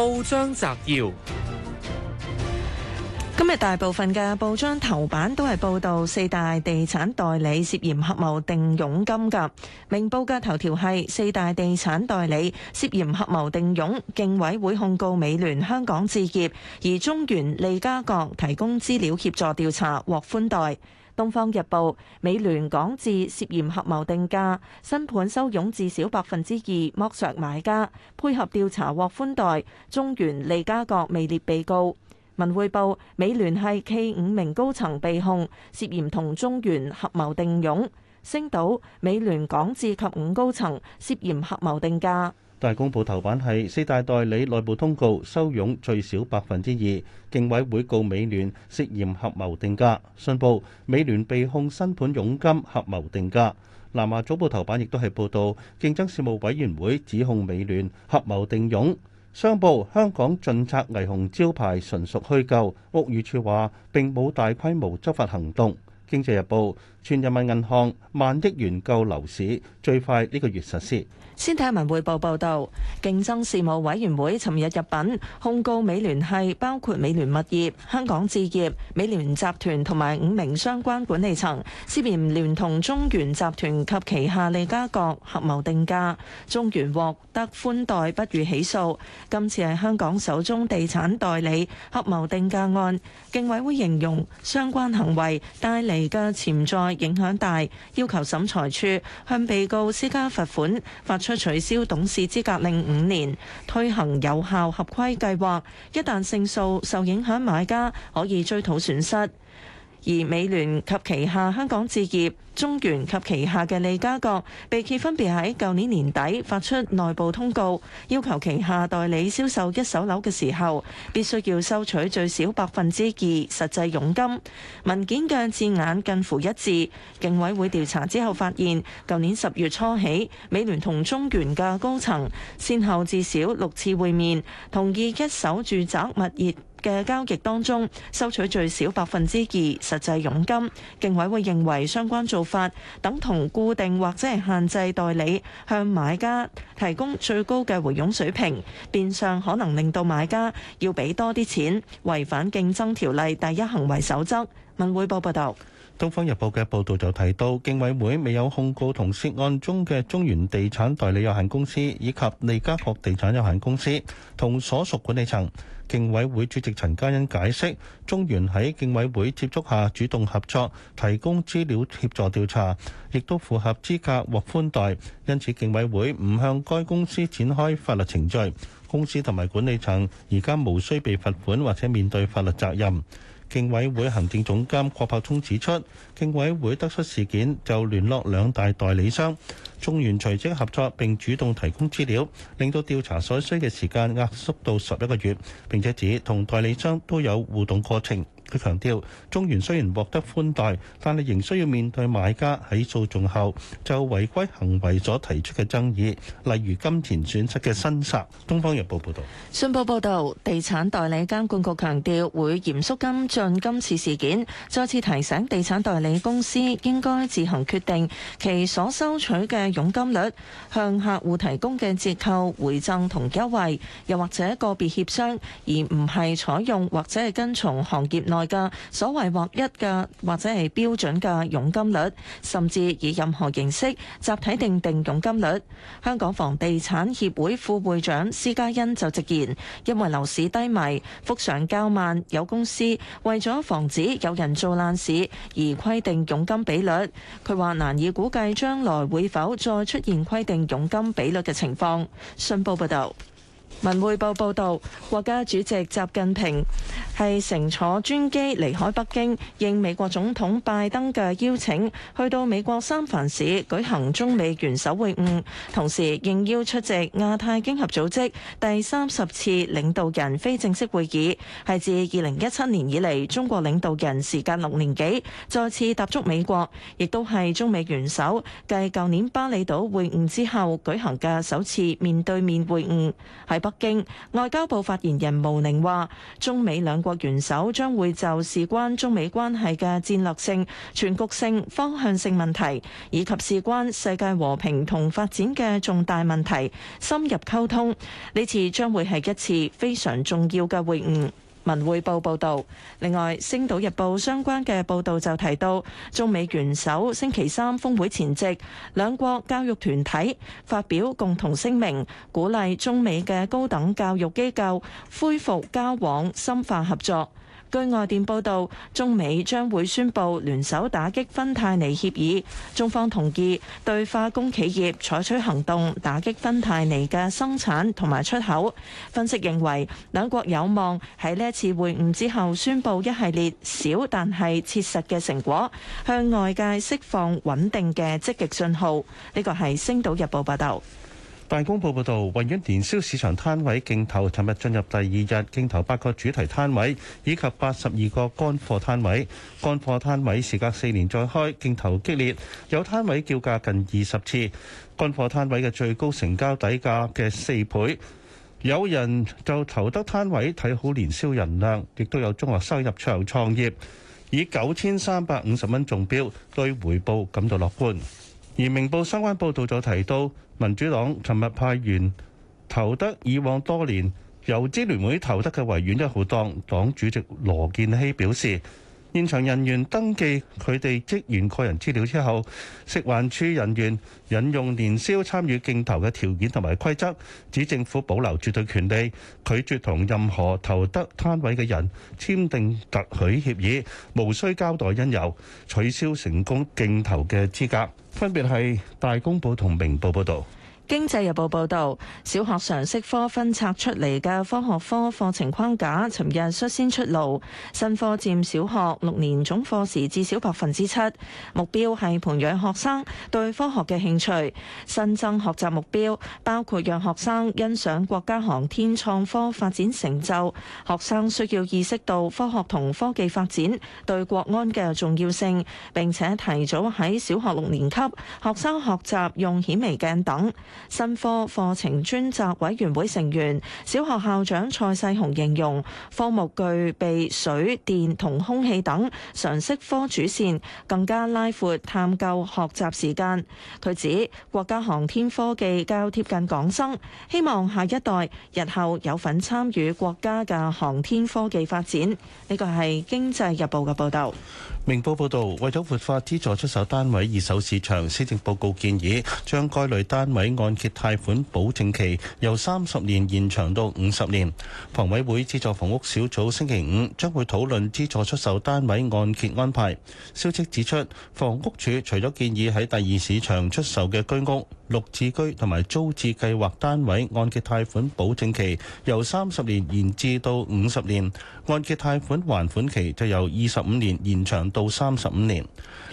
報章摘要：今日大部分嘅報章頭版都係報道四大地產代理涉嫌合謀定佣金噶。明報嘅頭條係：四大地產代理涉嫌合謀定佣，競委會控告美聯香港置業，而中原利嘉閣提供資料協助調查獲寬待。東方日報：美聯、港置涉嫌合謀定價，新盤收佣至少百分之二，剝削買家。配合調查獲寬待，中原、利嘉閣未列被告。文匯報：美聯系 K 五名高層被控涉嫌同中原合謀定佣。星島：美聯港置及五高層涉嫌合謀定價。大公報頭版係四大代理內部通告收傭最少百分之二，競委會告美聯涉嫌合謀定價。信報：美聯被控新盤佣金合謀定價。南華早報頭版亦都係報道競爭事務委員會指控美聯合謀定傭。商報：香港盡拆霓虹招牌純屬虛構。屋宇署話並冇大規模執法行動。經濟日報。全人民銀行萬億元救樓市，最快呢個月實施。先睇下文匯報報道，競爭事務委員會尋日入稟控告美聯系，包括美聯物業、香港置業、美聯集團同埋五名相關管理層，涉嫌聯同中原集團及旗下利家閣合謀定價。中原獲得寬待，不予起訴。今次係香港首宗地產代理合謀定價案。競委會形容相關行為帶嚟嘅潛在影響大，要求審裁處向被告施加罰款，發出取消董事資格令五年，推行有效合規計劃。一旦勝訴，受影響買家可以追討損失。而美聯及旗下香港置業、中原及旗下嘅利嘉閣，被揭分別喺舊年年底發出內部通告，要求旗下代理銷售一手樓嘅時候，必須要收取最少百分之二實際佣金。文件嘅字眼近乎一致。競委會調查之後發現，舊年十月初起，美聯同中原嘅高層先後至少六次會面，同意一手住宅物業嘅交易當中收取最少百分之二實際佣金。競委會認為相關做法等同固定或者係限制代理向買家提供最高嘅回佣水平，變相可能令到買家要俾多啲錢，違反競爭條例第一行為守則，文匯報報道。東方日報嘅報道就提到，競委會未有控告同涉案中嘅中原地產代理有限公司以及利嘉閣地產有限公司同所屬管理層。競委會主席陳家欣解釋，中原喺競委會接觸下主動合作，提供資料協助調查，亦都符合資格獲寬待。因此競委會唔向該公司展開法律程序，公司同埋管理層而家無需被罰款或者面對法律責任。競委會行政總監郭柏聰指出，競委會得出事件就聯絡兩大代理商中原，隨即合作並主動提供資料，令到調查所需嘅時間壓縮到十一個月。並且指同代理商都有互動過程。佢強調，中原雖然獲得寬待，但係仍需要面對買家喺訴訟後就違規行為所提出嘅爭議，例如金錢損失嘅申索。《東方日報,報道》報導，信報報導，地產代理監管局強調會嚴肅跟進今次事件，再次提醒地產代理公司應該自行決定其所收取嘅佣金率、向客戶提供嘅折扣、回贈同優惠，又或者個別協商，而唔係採用或者係跟從行業內。外嘅所謂劃一嘅或者係標準嘅佣金率，甚至以任何形式集體定定佣金率。香港房地產協會副會長施嘉欣就直言，因為樓市低迷，復常較慢，有公司為咗防止有人做爛市而規定佣金比率。佢話難以估計將來會否再出現規定佣金比率嘅情況。信報報道。文匯報報道，國家主席習近平係乘坐專機離開北京，應美國總統拜登嘅邀請，去到美國三藩市舉行中美元首會晤，同時應邀出席亞太經合組織第三十次領導人非正式會議。係自二零一七年以嚟，中國領導人時隔六年幾，再次踏足美國，亦都係中美元首繼舊年巴厘島會晤之後舉行嘅首次面對面會晤。北京外交部發言人毛寧話，中美兩國元首將會就事關中美關係嘅戰略性、全局性、方向性問題，以及事關世界和平同發展嘅重大問題深入溝通。呢次將會係一次非常重要嘅會晤。文匯報報道，另外《星島日報》相關嘅報道就提到，中美元首星期三峰會前夕，兩國教育團體發表共同聲明，鼓勵中美嘅高等教育機構恢復交往、深化合作。據外電報道，中美將會宣布聯手打擊芬太尼協議。中方同意對化工企業採取行動，打擊芬太尼嘅生產同埋出口。分析認為，兩國有望喺呢次會晤之後宣布一系列少但係切實嘅成果，向外界釋放穩定嘅積極信號。呢個係《星島日報》報道。大公報報導，宏遠年宵市場攤位競投，尋日進入第二日，競投八個主題攤位以及八十二個乾貨攤位。乾貨攤位時隔四年再開，競投激烈，有攤位叫價近二十次。乾貨攤位嘅最高成交底價嘅四倍。有人就投得攤位，睇好年宵人量，亦都有中學生入場創業，以九千三百五十蚊中標，對回報感到樂觀。而明報相關報道就提到，民主黨尋日派員投得以往多年由支聯會投得嘅維園一號檔，黨主席羅健熙表示。現場人員登記佢哋職員個人資料之後，食環署人員引用年宵參與競投嘅條件同埋規則，指政府保留絕對權利，拒絕同任何投得攤位嘅人簽訂特許協議，無需交代因由，取消成功競投嘅資格。分別係大公報同明報報道。經濟日報報導，小學常識科分拆出嚟嘅科學科課程框架，尋日率先出爐。新科佔小學六年總課時至少百分之七，目標係培養學生對科學嘅興趣。新增學習目標包括讓學生欣賞國家航天創科發展成就，學生需要意識到科學同科技發展對國安嘅重要性。並且提早喺小學六年級，學生學習用顯微鏡等。新科課程專責委員會成員、小學校長蔡世雄形容科目具備水電同空氣等常識科主線，更加拉闊探究學習時間。佢指國家航天科技較貼近港生，希望下一代日後有份參與國家嘅航天科技發展。呢個係《經濟日報》嘅報道。明報報導，為咗活化資助出售單位二手市場，施政報告建議將該類單位按按揭貸款保證期由三十年延長到五十年。房委會資助房屋小組星期五將會討論資助出售單位按揭安排。消息指出，房屋署除咗建議喺第二市場出售嘅居屋、綠置居同埋租置計劃單位按揭貸款保證期由三十年延至到五十年，按揭貸款還款期就由二十五年延長到三十五年。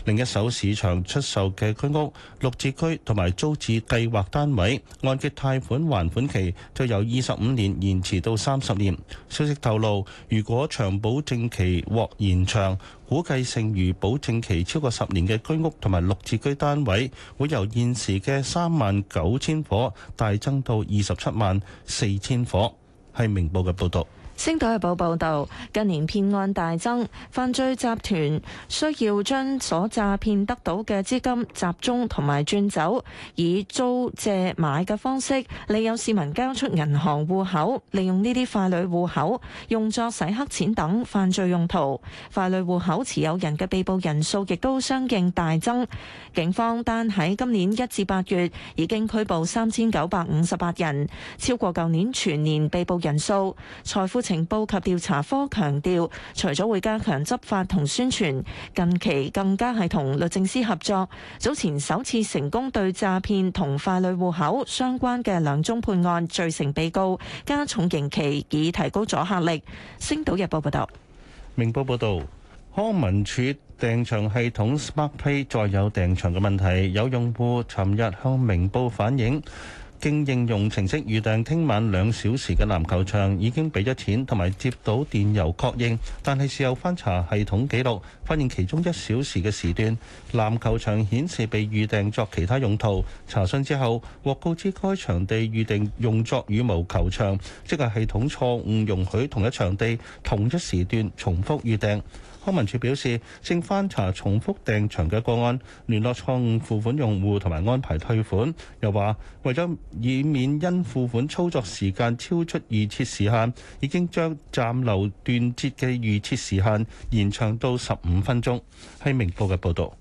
另一手市場出售嘅居屋、綠置居同埋租置計劃單單位按揭貸款還款期就由二十五年延遲到三十年。消息透露，如果長保證期獲延長，估計剩餘保證期超過十年嘅居屋同埋綠置居單位，會由現時嘅三萬九千伙大增到二十七萬四千伙。係明報嘅報道。《星島日報》報道，近年騙案大增，犯罪集團需要將所詐騙得到嘅資金集中同埋轉走，以租借買嘅方式，利誘市民交出銀行戶口，利用呢啲傀儡戶口用作洗黑錢等犯罪用途。傀儡戶口持有人嘅被捕人數亦都相應大增，警方單喺今年一至八月已經拘捕三千九百五十八人，超過舊年全年被捕人數。財富情報及調查科強調，除咗會加強執法同宣傳，近期更加係同律政司合作。早前首次成功對詐騙同傀儡戶口相關嘅兩宗判案，罪成被告，加重刑期，已提高咗阻嚇力。星島日報報道，明報報道，康文署訂場系統 SmartPLAY 再有訂場嘅問題，有用戶尋日向明報反映。經應用程式預訂聽晚兩小時嘅籃球場，已經俾咗錢同埋接到電郵確認，但係事後翻查系統記錄，發現其中一小時嘅時段，籃球場顯示被預訂作其他用途。查詢之後，獲告知該場地預訂用作羽毛球場，即係系統錯誤容許同一場地同一時段重複預訂。康文署表示，正翻查重複訂場嘅個案，聯絡錯誤付款用戶同埋安排退款。又話為咗以免因付款操作時間超出預設時限，已經將暫留斷節嘅預設時限延長到十五分鐘，喺明報嘅報道。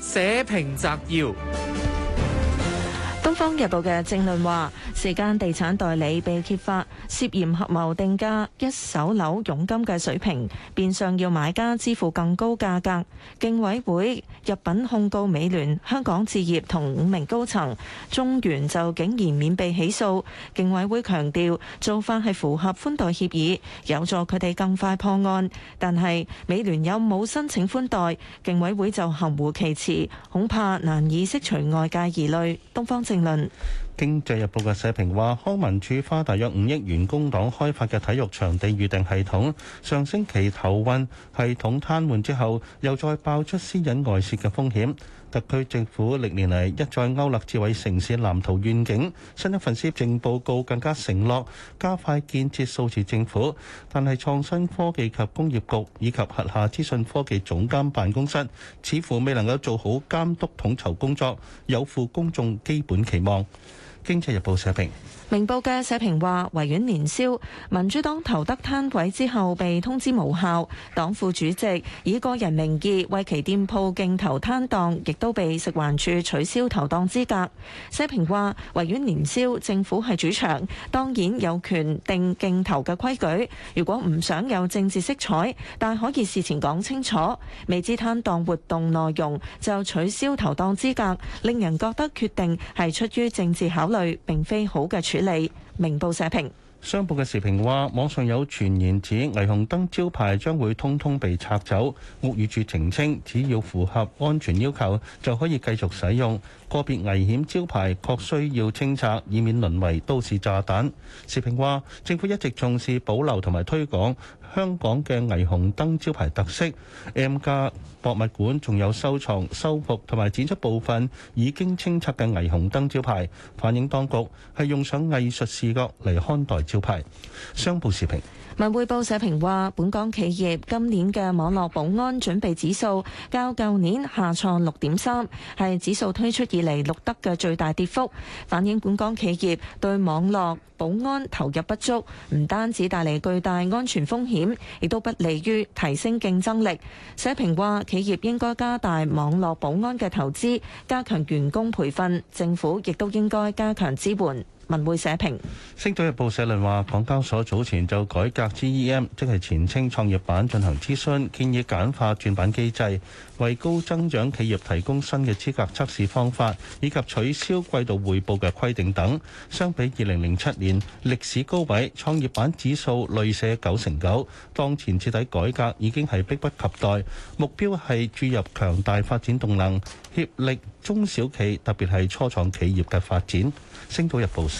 社評摘要，《東方日報》嘅政論話。時間地產代理被揭發涉嫌合謀定價一手樓佣金嘅水平，變相要買家支付更高價格。競委會入稟控告美聯、香港置業同五名高層，中原就竟然免被起訴。競委會強調做法係符合寬待協議，有助佢哋更快破案。但係美聯有冇申請寬待，競委會就含糊其辭，恐怕難以釋除外界疑慮。東方政論。《經濟日報》嘅社評話，康文署花大約五億元公帑開發嘅體育場地預訂系統，上星期投運系統癱瘓之後，又再爆出私隱外泄嘅風險。特區政府歷年嚟一再勾勒智慧城市藍圖願景，新一份施政報告更加承諾加快建設數字政府，但係創新科技及工業局以及轄下資訊科技總監辦公室，似乎未能夠做好監督統籌工作，有負公眾基本期望。經濟日報社評。明報嘅社評話：維園年宵，民主黨投得攤位之後被通知無效，黨副主席以個人名義為其店鋪競投攤檔，亦都被食環署取消投檔資格。社評話：維園年宵，政府係主場，當然有權定競投嘅規矩。如果唔想有政治色彩，但可以事前講清楚，未知攤檔活動內容就取消投檔資格，令人覺得決定係出於政治考慮。類並非好嘅處理。明報社評，商報嘅時評話，網上有傳言指霓虹燈招牌將會通通被拆走。屋宇署澄清，只要符合安全要求，就可以繼續使用。個別危險招牌確需要清拆，以免淪為都市炸彈。時評話，政府一直重視保留同埋推廣香港嘅霓虹燈招牌特色，M 加博物館仲有收藏、修復同埋展出部分已經清拆嘅霓虹燈招牌，反映當局係用上藝術視角嚟看待招牌。商報視頻。文匯報社評話，本港企業今年嘅網絡保安準備指數較舊年下挫六點三，係指數推出以嚟錄得嘅最大跌幅，反映本港企業對網絡保安投入不足，唔單止帶嚟巨大安全風險，亦都不利於提升競爭力。社評話，企業應該加大網絡保安嘅投資，加強員工培訓，政府亦都應該加強支援。文匯社評，《星島日報》社論話：港交所早前就改革 GEM，即係前稱創業板進行諮詢，建議簡化轉板機制，為高增長企業提供新嘅資格測試方法，以及取消季度匯報嘅規定等。相比二零零七年歷史高位，創業板指數累瀉九成九，當前徹底改革已經係迫不及待，目標係注入強大發展動能，協力中小企，特別係初創企業嘅發展。《星島日報》社